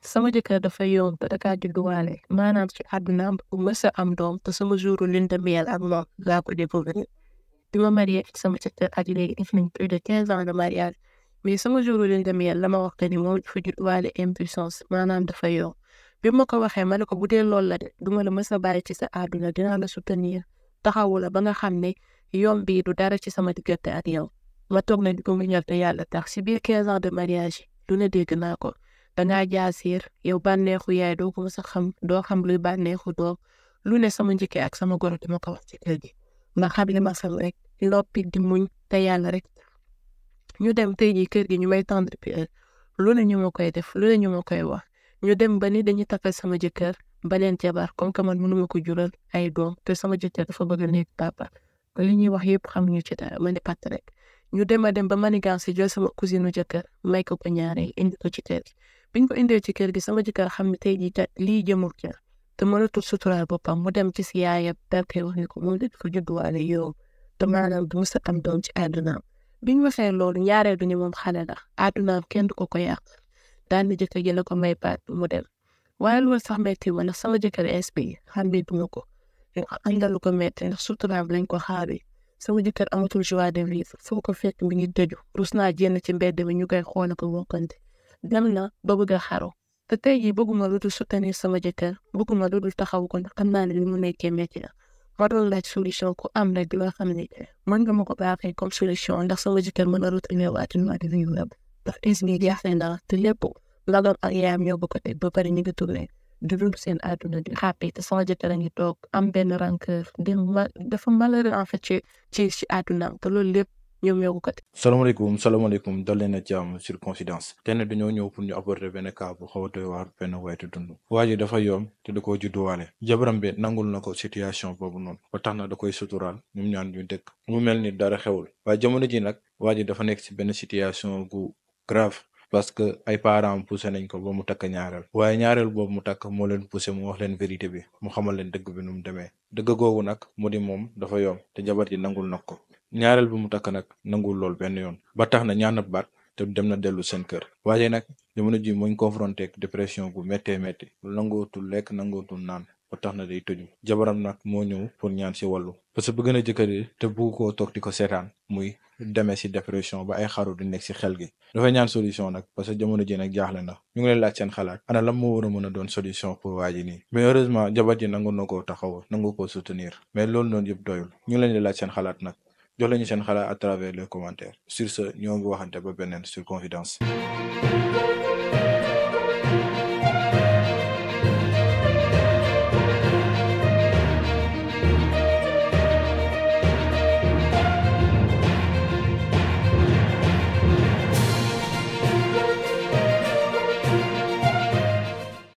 sama jëkkër dafa yoon te dakaa juddwaale maanaam ci àdduna bu mës am doom te sama jouru linda miyel ak moom laa ko découvrir bi ma marié ak sama jëkkër ak léegi def nañ plus de quinze ans de mariage mais sama jouru linda miyel la ma wax ni moom dafa juddwaale impuissance maanaam dafa yoon bi ma ko waxee ma ne ko bu dee loolu la de du ma la mësa bàyyi ci sa àdduna dinaa la soutenir taxawu la ba nga xam ne yoon bii du dara ci sama diggante ak yow ma toog na di ko muñal te yàlla tax si biir quinze ans de mariage yi lu ne dégg naa ko dangaa jaasir yow bànneexu yaay doo ko mës a xam doo xam luy bànneexu doom lu ne sama njëkkee ak sama goro dama ko wax ci kër gi nga xam li ma xam rek di muñ te yàlla rek ñu dem tey jii kër gi ñu may tendre pierre lu ne ñu ma koy def lu ñu ma koy wax ñu dem ba ni dañuy takkal sama jëkkër beneen jabar comme que man mënuma ko jural ay doom te sama jëkkër dafa bëgg a nekk papa te li ñuy wax yëpp xamuñu ci dara ma ne rek ñu dem a dem ba manigan si jël sama cousine jëkkër may ko ko ñaaree indi ko ci kër gi biñ ko indee ci kër gi sama jëkkër xam ne tey jii kat lii jëmul ca te mënatul suturaal boppam mu dem ci si yaayam daal koy wax ni ko moom dañ ko yow te maanaam du mës a am doom ci àddunaam biñ waxee loolu ñaareel du ñu moom xale la àddunaam kenn du ko ko yàq daal di jëkkër ji la ko may baat mu dem waaye loolu sax metti ma ndax sama jëkkër SP xam ne du ma ko àndalu ko metti ndax suturaam lañ ko xaaree sama jëkkër amatul joie de vivre foo ko fekk mi ngi tëju rus naa jénn ci mbedd mi ñu koy xool ko wokkante dem na ba bëgg a xaru te tey jii bëgguma lu dul soutenir sama jëkkër bëgguma lu dul taxaw ko ndax xam naa ne li mu nekkee métti la ma doon laaj solution ku am rek loo xam ne mën nga ma ko baaxee comme solution ndax sama jëkkër mën a retourner waat ñu waat ñu web ndax is bi jaaxle na te lépp la doon ak yaayam ñoo ko teg ba pare ñu ngi tourné di dund seen àdduna di xàppi te sama jëkkër a ngi toog am benn rancœur di dafa malheureux en fait ci ci ci àdduna te loolu lépp ñoom ñoo kat. salaamaaleykum salaamaaleykum dal leen a jàmm sur confidence te ne dañoo ñëw pour ñu aborder benn cas bu xaw a doy waar benn waytu dund waa dafa yoom te da koo judduwaale jabaram bi nangul na ko situation boobu noonu ba tax na da koy suturaal ñoom ñaan ñu dëkk mu mel ni dara xewul waaye jamono ji nag waa dafa nekk si benn situation gu grave parce que ay parents poussé nañ ko ba mu takk ñaareel waaye ñaareel boobu mu takk moo leen poussé mu wax leen vérité bi mu xamal leen dëgg bi nu mu demee dëgg googu nag mu di moom dafa yoom te jabar ji nangul na ko ñaareel bi mu takk nag nangul lool benn yoon ba tax na ñaan baat te dem na dellu seen kër waaye nag jamono ji muñ confronté ak dépression bu méttee métti nangootul lekk nangootul naan ba tax na day tëju jabaram nag moo ñëw pour ñaan si wàllu parce que bëgg na jëkkër te bëgg koo toog di ko seetaan muy demee si dépression ba ay xaru di nekk si xel gi dafay ñaan solution nag parce que jamono ji nag jaaxle na ñu ngi leen laaj seen xalaat ana lan mo war a mën a solution pour waa ji nii mais heureusement jabar ji nangu na koo taxaw nangu mais loolu noonu yëpp doyul ñu ngi seen xalaat nag jox lañu seen xalaat à travers les commentaires sur ce ñoo ngi waxante ba beneen sur Confidence